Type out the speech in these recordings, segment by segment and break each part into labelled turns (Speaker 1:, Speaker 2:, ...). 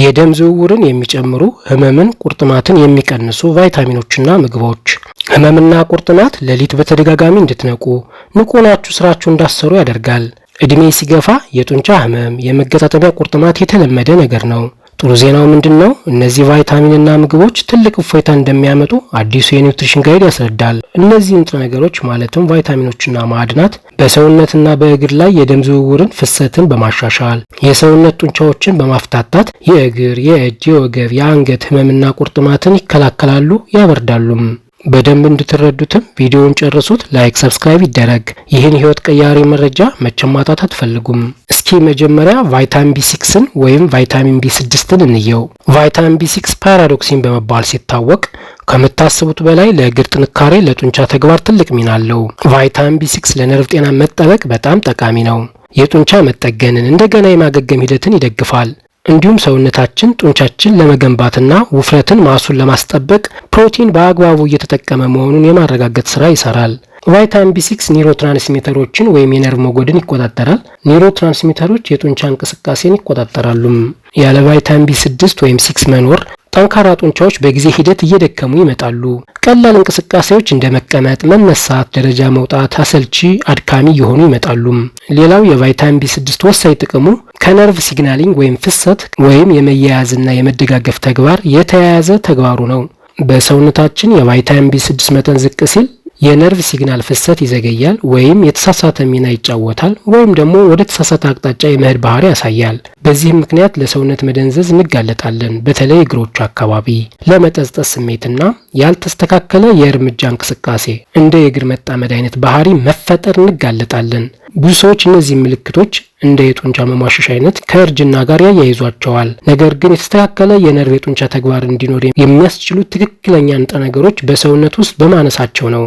Speaker 1: የደም ዝውውርን የሚጨምሩ ህመምን፣ ቁርጥማትን የሚቀንሱ ቫይታሚኖችና ምግቦች። ህመምና ቁርጥማት ሌሊት በተደጋጋሚ እንድትነቁ ንቁ ናችሁ ስራችሁ እንዳሰሩ ያደርጋል። እድሜ ሲገፋ የጡንቻ ህመም፣ የመገጣጠሚያ ቁርጥማት የተለመደ ነገር ነው። ጥሩ ዜናው ምንድን ነው? እነዚህ ቫይታሚንና ምግቦች ትልቅ እፎይታ እንደሚያመጡ አዲሱ የኒውትሪሽን ጋይድ ያስረዳል። እነዚህ ንጥረ ነገሮች ማለትም ቫይታሚኖችና ማዕድናት በሰውነትና በእግር ላይ የደም ዝውውርን ፍሰትን በማሻሻል የሰውነት ጡንቻዎችን በማፍታታት የእግር፣ የእጅ፣ የወገብ፣ የአንገት ህመምና ቁርጥማትን ይከላከላሉ፣ ያበርዳሉም። በደንብ እንድትረዱትም ቪዲዮውን ጨርሱት። ላይክ፣ ሰብስክራይብ ይደረግ። ይህን ህይወት ቀያሪ መረጃ መቸማጣት አትፈልጉም። መጀመሪያ ቫይታሚን ቢ6ን ወይም ቫይታሚን ቢ6ን እንየው። ቫይታሚን ቢ6 ፓራዶክሲን በመባል ሲታወቅ ከምታስቡት በላይ ለእግር ጥንካሬ፣ ለጡንቻ ተግባር ትልቅ ሚና አለው። ቫይታሚን ቢ6 ለነርቭ ጤና መጠበቅ በጣም ጠቃሚ ነው። የጡንቻ መጠገንን እንደገና የማገገም ሂደትን ይደግፋል። እንዲሁም ሰውነታችን ጡንቻችን ለመገንባትና ውፍረትን ማሱን ለማስጠበቅ ፕሮቲን በአግባቡ እየተጠቀመ መሆኑን የማረጋገጥ ስራ ይሰራል። ቫይታሚን ቢ6 ኒውሮ ትራንስሚተሮችን ወይም የነርቭ መጎድን ይቆጣጠራል። ኒውሮ ትራንስሚተሮች የጡንቻ እንቅስቃሴን ይቆጣጠራሉም። ያለ ቫይታሚን ቢ6 ወይም ሲክስ መኖር ጠንካራ ጡንቻዎች በጊዜ ሂደት እየደከሙ ይመጣሉ። ቀላል እንቅስቃሴዎች እንደ መቀመጥ፣ መነሳት፣ ደረጃ መውጣት አሰልቺ፣ አድካሚ እየሆኑ ይመጣሉ። ሌላው የቫይታሚን ቢ6 ወሳኝ ጥቅሙ ከነርቭ ሲግናሊንግ ወይም ፍሰት ወይም የመያያዝና የመደጋገፍ ተግባር የተያያዘ ተግባሩ ነው። በሰውነታችን የቫይታሚን ቢ6 መጠን ዝቅ ሲል የነርቭ ሲግናል ፍሰት ይዘገያል ወይም የተሳሳተ ሚና ይጫወታል ወይም ደግሞ ወደ ተሳሳተ አቅጣጫ የመሄድ ባህሪ ያሳያል። በዚህም ምክንያት ለሰውነት መደንዘዝ እንጋለጣለን። በተለይ እግሮቹ አካባቢ ለመጠዝጠዝ ስሜትና ያልተስተካከለ የእርምጃ እንቅስቃሴ እንደ የእግር መጣመድ አይነት ባህሪ መፈጠር እንጋለጣለን። ብዙ ሰዎች እነዚህ ምልክቶች እንደ የጡንቻ መሟሸሽ አይነት ከእርጅና ጋር ያያይዟቸዋል። ነገር ግን የተስተካከለ የነርቭ የጡንቻ ተግባር እንዲኖር የሚያስችሉ ትክክለኛ ንጥረ ነገሮች በሰውነት ውስጥ በማነሳቸው ነው።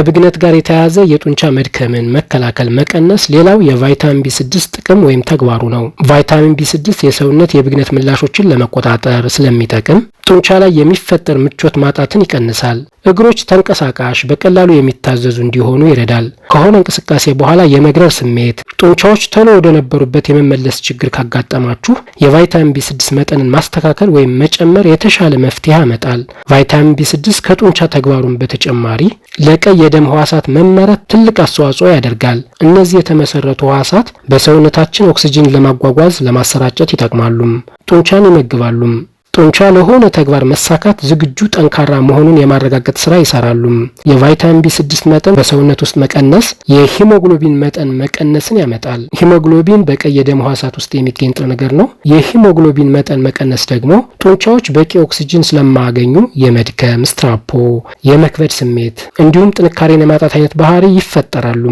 Speaker 1: ከብግነት ጋር የተያያዘ የጡንቻ መድከምን መከላከል መቀነስ ሌላው የቫይታሚን ቢ ስድስት ጥቅም ወይም ተግባሩ ነው። ቫይታሚን ቢ ስድስት የሰውነት የብግነት ምላሾችን ለመቆጣጠር ስለሚጠቅም ጡንቻ ላይ የሚፈጠር ምቾት ማጣትን ይቀንሳል። እግሮች ተንቀሳቃሽ፣ በቀላሉ የሚታዘዙ እንዲሆኑ ይረዳል። ከሆነ እንቅስቃሴ በኋላ የመግረር ስሜት፣ ጡንቻዎች ቶሎ ወደ ነበሩበት የመመለስ ችግር ካጋጠማችሁ የቫይታሚን ቢ6 መጠንን ማስተካከል ወይም መጨመር የተሻለ መፍትሄ ያመጣል። ቫይታሚን ቢ6 ከጡንቻ ተግባሩን በተጨማሪ ለቀይ የደም ህዋሳት መመረት ትልቅ አስተዋጽኦ ያደርጋል። እነዚህ የተመሰረቱ ህዋሳት በሰውነታችን ኦክስጂን ለማጓጓዝ ለማሰራጨት ይጠቅማሉም፣ ጡንቻን ይመግባሉም። ጡንቻ ለሆነ ተግባር መሳካት ዝግጁ ጠንካራ መሆኑን የማረጋገጥ ስራ ይሰራሉ። የቫይታሚን ቢ6 መጠን በሰውነት ውስጥ መቀነስ የሂሞግሎቢን መጠን መቀነስን ያመጣል። ሂሞግሎቢን በቀይ የደም ህዋሳት ውስጥ የሚገኝ ንጥረ ነገር ነው። የሂሞግሎቢን መጠን መቀነስ ደግሞ ጡንቻዎች በቂ ኦክሲጅን ስለማያገኙ የመድከም ስትራፖ፣ የመክበድ ስሜት እንዲሁም ጥንካሬን የማጣት አይነት ባህሪ ይፈጠራሉ።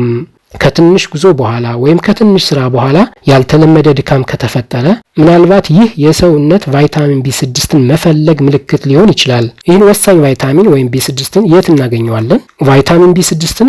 Speaker 1: ከትንሽ ጉዞ በኋላ ወይም ከትንሽ ስራ በኋላ ያልተለመደ ድካም ከተፈጠረ ምናልባት ይህ የሰውነት ቫይታሚን ቢ ስድስትን መፈለግ ምልክት ሊሆን ይችላል። ይህን ወሳኝ ቫይታሚን ወይም ቢ ስድስትን የት እናገኘዋለን? ቫይታሚን ቢ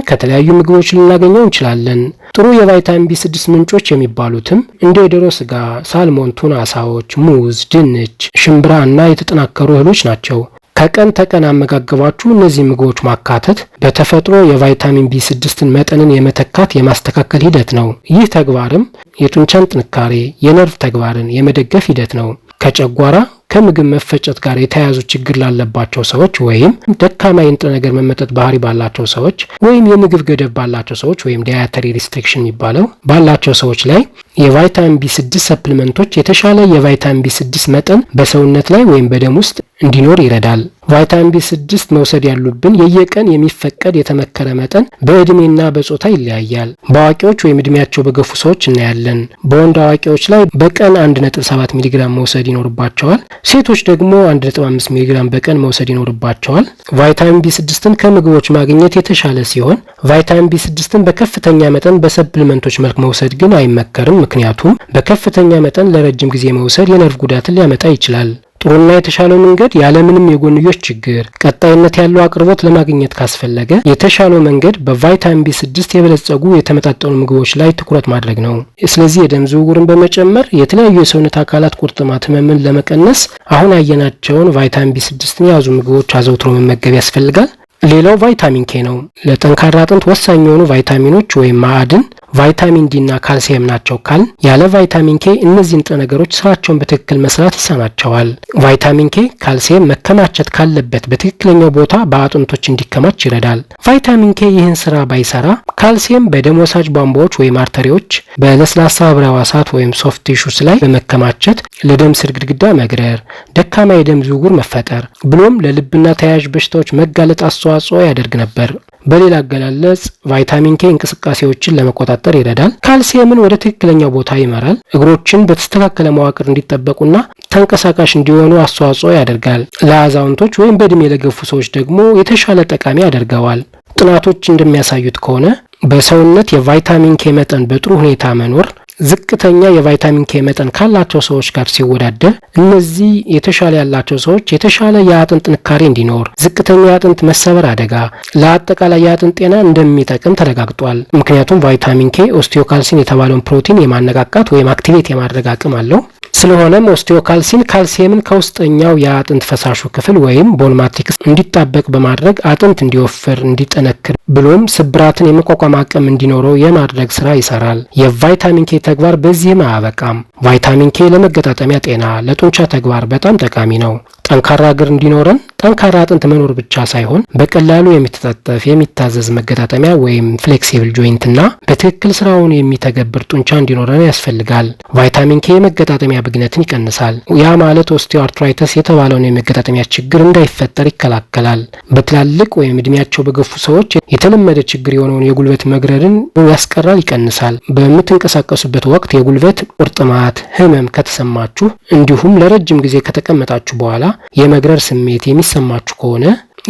Speaker 1: ከተለያዩ ምግቦች ልናገኘው እንችላለን። ጥሩ የቫይታሚን ቢ ስድስት ምንጮች የሚባሉትም እንደ የዶሮ ስጋ፣ ሳልሞን፣ ቱና አሳዎች፣ ሙዝ፣ ድንች፣ ሽምብራ እና የተጠናከሩ እህሎች ናቸው። ከቀን ተቀን አመጋገባችሁ እነዚህ ምግቦች ማካተት በተፈጥሮ የቫይታሚን ቢ ስድስትን መጠንን የመተካት የማስተካከል ሂደት ነው። ይህ ተግባርም የጡንቻን ጥንካሬ፣ የነርቭ ተግባርን የመደገፍ ሂደት ነው። ከጨጓራ ከምግብ መፈጨት ጋር የተያያዙ ችግር ላለባቸው ሰዎች ወይም ደካማ የንጥረ ነገር መመጠጥ ባህሪ ባላቸው ሰዎች ወይም የምግብ ገደብ ባላቸው ሰዎች ወይም ዳያተሪ ሪስትሪክሽን የሚባለው ባላቸው ሰዎች ላይ የቫይታሚን ቢ ስድስት ሰፕሊመንቶች የተሻለ የቫይታሚን ቢ ስድስት መጠን በሰውነት ላይ ወይም በደም ውስጥ እንዲኖር ይረዳል። ቫይታሚን ቢ6 መውሰድ ያሉብን የየቀን የሚፈቀድ የተመከረ መጠን በእድሜና በጾታ ይለያያል። በአዋቂዎች ወይም እድሜያቸው በገፉ ሰዎች እናያለን። በወንድ አዋቂዎች ላይ በቀን 1.7 ሚሊግራም መውሰድ ይኖርባቸዋል። ሴቶች ደግሞ 1.5 ሚሊግራም በቀን መውሰድ ይኖርባቸዋል። ቫይታሚን ቢ6ን ከምግቦች ማግኘት የተሻለ ሲሆን ቫይታሚን ቢ6ን በከፍተኛ መጠን በሰፕልመንቶች መልክ መውሰድ ግን አይመከርም። ምክንያቱም በከፍተኛ መጠን ለረጅም ጊዜ መውሰድ የነርቭ ጉዳትን ሊያመጣ ይችላል። ጥሩና የተሻለው መንገድ ያለምንም የጎንዮሽ ችግር ቀጣይነት ያለው አቅርቦት ለማግኘት ካስፈለገ የተሻለው መንገድ በቫይታሚን ቢ ስድስት የበለጸጉ የተመጣጠኑ ምግቦች ላይ ትኩረት ማድረግ ነው። ስለዚህ የደም ዝውውርን በመጨመር የተለያዩ የሰውነት አካላት ቁርጥማት ህመምን ለመቀነስ አሁን ያየናቸውን ቫይታሚን ቢ6ን የያዙ ምግቦች አዘውትሮ መመገብ ያስፈልጋል። ሌላው ቫይታሚን ኬ ነው። ለጠንካራ አጥንት ወሳኝ የሆኑ ቫይታሚኖች ወይም ማዕድን ቫይታሚን ዲና ካልሲየም ናቸው ካል ያለ ቫይታሚን ኬ እነዚህ ንጥረ ነገሮች ስራቸውን በትክክል መስራት ይሳናቸዋል። ቫይታሚን ኬ ካልሲየም መከማቸት ካለበት በትክክለኛው ቦታ በአጥንቶች እንዲከማች ይረዳል። ቫይታሚን ኬ ይህን ስራ ባይሰራ ካልሲየም በደም ወሳጅ ቧንቧዎች ወይም አርተሪዎች፣ በለስላሳ ህብረ ህዋሳት ወይም ሶፍት ቲሹስ ላይ በመከማቸት ለደም ስር ግድግዳ መግረር፣ ደካማ የደም ዝውውር መፈጠር ብሎም ለልብና ተያያዥ በሽታዎች መጋለጥ አስተዋጽኦ ያደርግ ነበር። በሌላ አገላለጽ ቫይታሚን ኬ እንቅስቃሴዎችን ለመቆጣጠር ይረዳል። ካልሲየምን ወደ ትክክለኛው ቦታ ይመራል። እግሮችን በተስተካከለ መዋቅር እንዲጠበቁና ተንቀሳቃሽ እንዲሆኑ አስተዋጽኦ ያደርጋል። ለአዛውንቶች ወይም በእድሜ ለገፉ ሰዎች ደግሞ የተሻለ ጠቃሚ ያደርገዋል። ጥናቶች እንደሚያሳዩት ከሆነ በሰውነት የቫይታሚን ኬ መጠን በጥሩ ሁኔታ መኖር ዝቅተኛ የቫይታሚን ኬ መጠን ካላቸው ሰዎች ጋር ሲወዳደር እነዚህ የተሻለ ያላቸው ሰዎች የተሻለ የአጥንት ጥንካሬ እንዲኖር፣ ዝቅተኛ የአጥንት መሰበር አደጋ ለአጠቃላይ የአጥንት ጤና እንደሚጠቅም ተረጋግጧል። ምክንያቱም ቫይታሚን ኬ ኦስቲዮካልሲን የተባለውን ፕሮቲን የማነቃቃት ወይም አክቲቬት የማድረግ አቅም አለው። ስለሆነም ኦስቲዮካልሲን ካልሲየምን ከውስጠኛው የአጥንት ፈሳሹ ክፍል ወይም ቦልማቲክስ እንዲጣበቅ በማድረግ አጥንት እንዲወፍር፣ እንዲጠነክር ብሎም ስብራትን የመቋቋም አቅም እንዲኖረው የማድረግ ስራ ይሰራል። የቫይታሚን ኬ ተግባር በዚህም አያበቃም። ቫይታሚን ኬ ለመገጣጠሚያ ጤና፣ ለጡንቻ ተግባር በጣም ጠቃሚ ነው። ጠንካራ እግር እንዲኖረን ጠንካራ አጥንት መኖር ብቻ ሳይሆን በቀላሉ የሚተጣጠፍ የሚታዘዝ መገጣጠሚያ ወይም ፍሌክሲብል ጆይንት በትክክል ስራውን የሚተገብር ጡንቻ እንዲኖረን ያስፈልጋል። ቫይታሚን ኬ የመገጣጠሚያ ብግነትን ይቀንሳል። ያ ማለት ኦስቲዮአርትራይተስ የተባለውን የመገጣጠሚያ ችግር እንዳይፈጠር ይከላከላል። በትላልቅ ወይም እድሜያቸው በገፉ ሰዎች የተለመደ ችግር የሆነውን የጉልበት መግረድን ያስቀራል፣ ይቀንሳል። በምትንቀሳቀሱበት ወቅት የጉልበት ቁርጥማት ህመም ከተሰማችሁ እንዲሁም ለረጅም ጊዜ ከተቀመጣችሁ በኋላ የመግረር ስሜት የሚሰማችሁ ከሆነ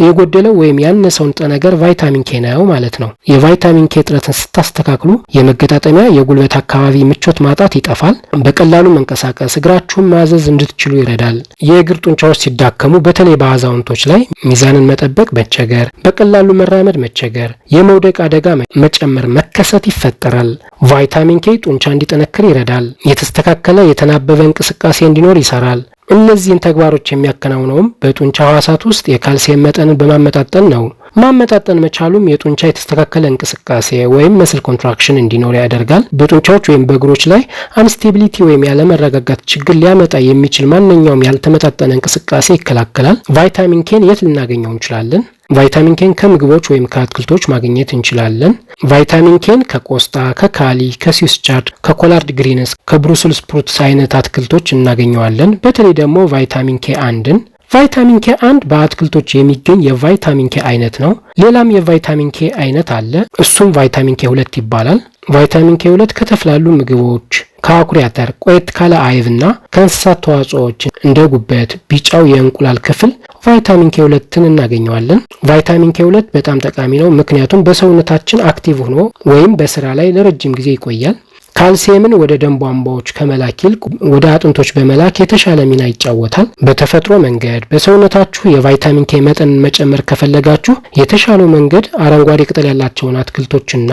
Speaker 1: የጎደለው ወይም ያነሰው ንጥረ ነገር ቫይታሚን ኬ ነው ማለት ነው። የቫይታሚን ኬ እጥረትን ስታስተካክሉ የመገጣጠሚያ የጉልበት አካባቢ ምቾት ማጣት ይጠፋል። በቀላሉ መንቀሳቀስ፣ እግራችሁን ማዘዝ እንድትችሉ ይረዳል። የእግር ጡንቻዎች ሲዳከሙ በተለይ በአዛውንቶች ላይ ሚዛንን መጠበቅ መቸገር፣ በቀላሉ መራመድ መቸገር፣ የመውደቅ አደጋ መጨመር መከሰት ይፈጠራል። ቫይታሚን ኬ ጡንቻ እንዲጠነክር ይረዳል። የተስተካከለ የተናበበ እንቅስቃሴ እንዲኖር ይሰራል። እነዚህን ተግባሮች የሚያከናውነውም በጡንቻ ህዋሳት ውስጥ የካልሲየም መጠንን በማመጣጠን ነው። ማመጣጠን መቻሉም የጡንቻ የተስተካከለ እንቅስቃሴ ወይም መስል ኮንትራክሽን እንዲኖር ያደርጋል። በጡንቻዎች ወይም በእግሮች ላይ አንስቴቢሊቲ ወይም ያለመረጋጋት ችግር ሊያመጣ የሚችል ማንኛውም ያልተመጣጠነ እንቅስቃሴ ይከላከላል። ቫይታሚን ኬን የት ልናገኘው እንችላለን? ቫይታሚን ኬን ከምግቦች ወይም ከአትክልቶች ማግኘት እንችላለን። ቫይታሚን ኬን ከቆስጣ፣ ከካሊ፣ ከስዊስ ቻርድ፣ ከኮላርድ ግሪንስ፣ ከብሩስል ስፕሩትስ አይነት አትክልቶች እናገኘዋለን። በተለይ ደግሞ ቫይታሚን ኬ አንድን ቫይታሚን ኬ አንድ በአትክልቶች የሚገኝ የቫይታሚን ኬ አይነት ነው። ሌላም የቫይታሚን ኬ አይነት አለ። እሱም ቫይታሚን ኬ ሁለት ይባላል። ቫይታሚን ኬ ሁለት ከተፍላሉ ምግቦች ከአኩሪ አተር ቆየት ካለ አይብና ከእንስሳት ተዋጽዎች እንደ ጉበት፣ ቢጫው የእንቁላል ክፍል ቫይታሚን ኬ ሁለትን እናገኘዋለን ቫይታሚን ኬ ሁለት በጣም ጠቃሚ ነው፣ ምክንያቱም በሰውነታችን አክቲቭ ሆኖ ወይም በስራ ላይ ለረጅም ጊዜ ይቆያል። ካልሲየምን ወደ ደም ቧንቧዎች ከመላክ ይልቅ ወደ አጥንቶች በመላክ የተሻለ ሚና ይጫወታል። በተፈጥሮ መንገድ በሰውነታችሁ የቫይታሚን ኬ መጠን መጨመር ከፈለጋችሁ የተሻለው መንገድ አረንጓዴ ቅጠል ያላቸውን አትክልቶችና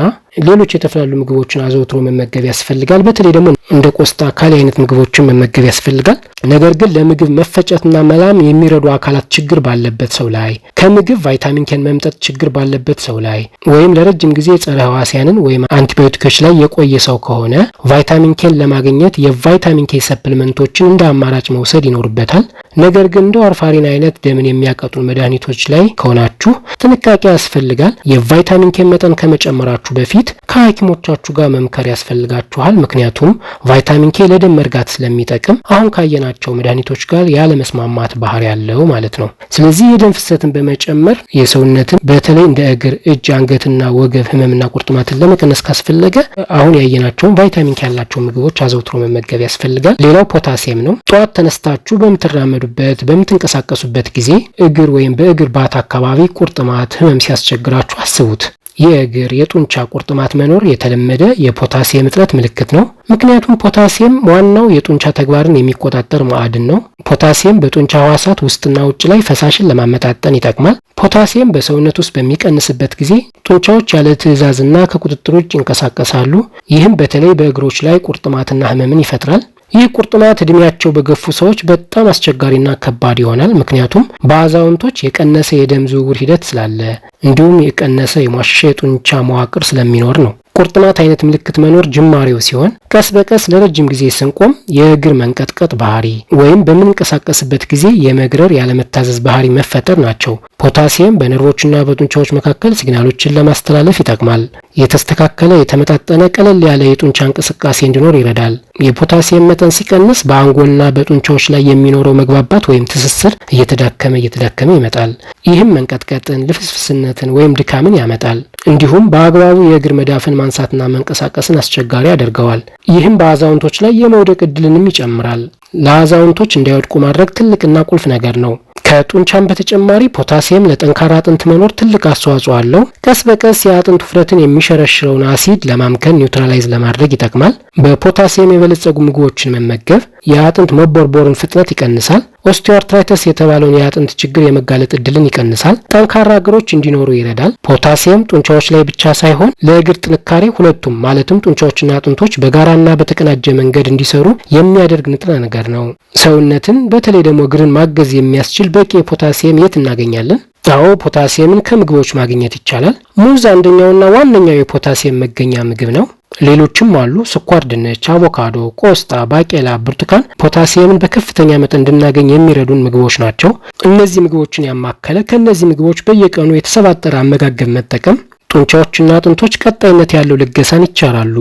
Speaker 1: ሌሎች የተፈላሉ ምግቦችን አዘውትሮ መመገብ ያስፈልጋል። በተለይ ደግሞ እንደ ቆስጣ፣ አካል አይነት ምግቦችን መመገብ ያስፈልጋል። ነገር ግን ለምግብ መፈጨትና መላም የሚረዱ አካላት ችግር ባለበት ሰው ላይ ከምግብ ቫይታሚን ኬን መምጠጥ ችግር ባለበት ሰው ላይ ወይም ለረጅም ጊዜ ጸረ ህዋሲያንን ወይም አንቲባዮቲኮች ላይ የቆየ ሰው ከሆነ ቫይታሚን ኬን ለማግኘት የቫይታሚን ኬ ሰፕልመንቶችን እንደ አማራጭ መውሰድ ይኖርበታል። ነገር ግን እንደ ዋርፋሪን አይነት ደምን የሚያቀጥሉ መድኃኒቶች ላይ ከሆናችሁ ጥንቃቄ ያስፈልጋል። የቫይታሚን ኬን መጠን ከመጨመራችሁ በፊት በፊት ከሐኪሞቻችሁ ጋር መምከር ያስፈልጋችኋል። ምክንያቱም ቫይታሚን ኬ ለደም መርጋት ስለሚጠቅም አሁን ካየናቸው መድኃኒቶች ጋር ያለመስማማት ባህሪ ያለው ማለት ነው። ስለዚህ የደም ፍሰትን በመጨመር የሰውነትን በተለይ እንደ እግር፣ እጅ፣ አንገትና ወገብ ህመምና ቁርጥማትን ለመቀነስ ካስፈለገ አሁን ያየናቸውን ቫይታሚን ኬ ያላቸው ምግቦች አዘውትሮ መመገብ ያስፈልጋል። ሌላው ፖታሲየም ነው። ጠዋት ተነስታችሁ በምትራመዱበት በምትንቀሳቀሱበት ጊዜ እግር ወይም በእግር ባት አካባቢ ቁርጥማት ህመም ሲያስቸግራችሁ አስቡት። የእግር የጡንቻ ቁርጥማት መኖር የተለመደ የፖታሲየም እጥረት ምልክት ነው። ምክንያቱም ፖታሲየም ዋናው የጡንቻ ተግባርን የሚቆጣጠር ማዕድን ነው። ፖታሲየም በጡንቻ ህዋሳት ውስጥና ውጭ ላይ ፈሳሽን ለማመጣጠን ይጠቅማል። ፖታሲየም በሰውነት ውስጥ በሚቀንስበት ጊዜ ጡንቻዎች ያለ ትዕዛዝና ከቁጥጥር ውጭ ይንቀሳቀሳሉ። ይህም በተለይ በእግሮች ላይ ቁርጥማትና ህመምን ይፈጥራል። ይህ ቁርጥማት እድሜያቸው በገፉ ሰዎች በጣም አስቸጋሪና ከባድ ይሆናል። ምክንያቱም በአዛውንቶች የቀነሰ የደም ዝውውር ሂደት ስላለ እንዲሁም የቀነሰ የሟሸ የጡንቻ መዋቅር ስለሚኖር ነው። ቁርጥማት አይነት ምልክት መኖር ጅማሬው ሲሆን ቀስ በቀስ ለረጅም ጊዜ ስንቆም የእግር መንቀጥቀጥ ባህሪ ወይም በምንንቀሳቀስበት ጊዜ የመግረር ያለመታዘዝ ባህሪ መፈጠር ናቸው። ፖታሲየም በነርቮችና በጡንቻዎች መካከል ሲግናሎችን ለማስተላለፍ ይጠቅማል። የተስተካከለ የተመጣጠነ ቀለል ያለ የጡንቻ እንቅስቃሴ እንዲኖር ይረዳል። የፖታሲየም መጠን ሲቀንስ በአንጎልና በጡንቻዎች ላይ የሚኖረው መግባባት ወይም ትስስር እየተዳከመ እየተዳከመ ይመጣል። ይህም መንቀጥቀጥን፣ ልፍስፍስነትን ወይም ድካምን ያመጣል። እንዲሁም በአግባቡ የእግር መዳፍን ማንሳትና መንቀሳቀስን አስቸጋሪ ያደርገዋል። ይህም በአዛውንቶች ላይ የመውደቅ እድልንም ይጨምራል። ለአዛውንቶች እንዳይወድቁ ማድረግ ትልቅና ቁልፍ ነገር ነው። ከጡንቻም በተጨማሪ ፖታሲየም ለጠንካራ አጥንት መኖር ትልቅ አስተዋጽኦ አለው። ቀስ በቀስ የአጥንት ውፍረትን የሚሸረሽረውን አሲድ ለማምከን ኒውትራላይዝ ለማድረግ ይጠቅማል። በፖታሲየም የበለጸጉ ምግቦችን መመገብ የአጥንት መቦርቦርን ፍጥነት ይቀንሳል። ኦስቲዮአርትራይተስ የተባለውን የአጥንት ችግር የመጋለጥ እድልን ይቀንሳል። ጠንካራ እግሮች እንዲኖሩ ይረዳል። ፖታሲየም ጡንቻዎች ላይ ብቻ ሳይሆን ለእግር ጥንካሬ ሁለቱም ማለትም ጡንቻዎችና አጥንቶች በጋራና በተቀናጀ መንገድ እንዲሰሩ የሚያደርግ ንጥረ ነገር ነው። ሰውነትን በተለይ ደግሞ እግርን ማገዝ የሚያስችል በቂ የፖታሲየም የት እናገኛለን? አዎ ፖታሲየምን ከምግቦች ማግኘት ይቻላል። ሙዝ አንደኛውና ዋነኛው የፖታሲየም መገኛ ምግብ ነው። ሌሎችም አሉ። ስኳር ድንች፣ አቮካዶ፣ ቆስጣ፣ ባቄላ፣ ብርቱካን ፖታሲየምን በከፍተኛ መጠን እንድናገኝ የሚረዱን ምግቦች ናቸው። እነዚህ ምግቦችን ያማከለ ከእነዚህ ምግቦች በየቀኑ የተሰባጠረ አመጋገብ መጠቀም ጡንቻዎችና አጥንቶች ቀጣይነት ያለው ልገሳን ይቻላሉ።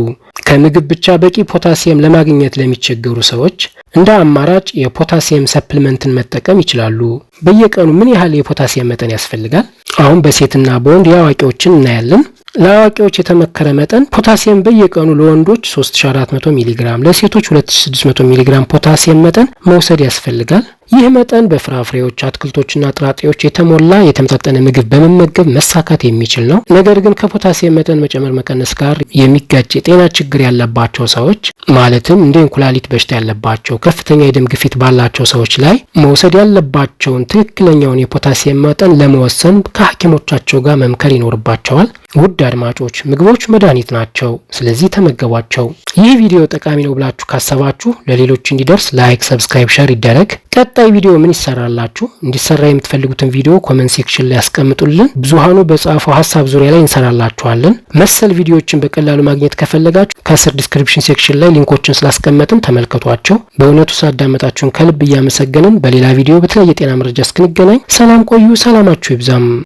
Speaker 1: ከምግብ ብቻ በቂ ፖታሲየም ለማግኘት ለሚቸገሩ ሰዎች እንደ አማራጭ የፖታሲየም ሰፕልመንትን መጠቀም ይችላሉ። በየቀኑ ምን ያህል የፖታሲየም መጠን ያስፈልጋል? አሁን በሴትና በወንድ የአዋቂዎችን እናያለን። ለአዋቂዎች የተመከረ መጠን ፖታሲየም በየቀኑ ለወንዶች 3400 ሚሊ ግራም፣ ለሴቶች 2600 ሚሊግራም ፖታሲየም መጠን መውሰድ ያስፈልጋል። ይህ መጠን በፍራፍሬዎች አትክልቶችና ጥራጥሬዎች የተሞላ የተመጣጠነ ምግብ በመመገብ መሳካት የሚችል ነው። ነገር ግን ከፖታሲየም መጠን መጨመር መቀነስ ጋር የሚጋጭ የጤና ችግር ያለባቸው ሰዎች ማለትም እንደ እንኩላሊት በሽታ ያለባቸው፣ ከፍተኛ የደም ግፊት ባላቸው ሰዎች ላይ መውሰድ ያለባቸውን ትክክለኛውን የፖታሲየም መጠን ለመወሰን ከሐኪሞቻቸው ጋር መምከር ይኖርባቸዋል። ውድ አድማጮች ምግቦች መድኃኒት ናቸው፣ ስለዚህ ተመገቧቸው። ይህ ቪዲዮ ጠቃሚ ነው ብላችሁ ካሰባችሁ ለሌሎች እንዲደርስ ላይክ፣ ሰብስክራይብ፣ ሸር ይደረግ። ቀጣይ ቪዲዮ ምን ይሰራላችሁ እንዲሰራ የምትፈልጉትን ቪዲዮ ኮመንት ሴክሽን ላይ ያስቀምጡልን። ብዙሃኑ በጻፈው ሀሳብ ዙሪያ ላይ እንሰራላችኋለን። መሰል ቪዲዮዎችን በቀላሉ ማግኘት ከፈለጋችሁ ከስር ዲስክሪፕሽን ሴክሽን ላይ ሊንኮችን ስላስቀመጥን ተመልከቷቸው። በእውነቱ ሳዳመጣችሁን ከልብ እያመሰገንን በሌላ ቪዲዮ በተለየ ጤና መረጃ እስክንገናኝ ሰላም ቆዩ። ሰላማችሁ ይብዛም።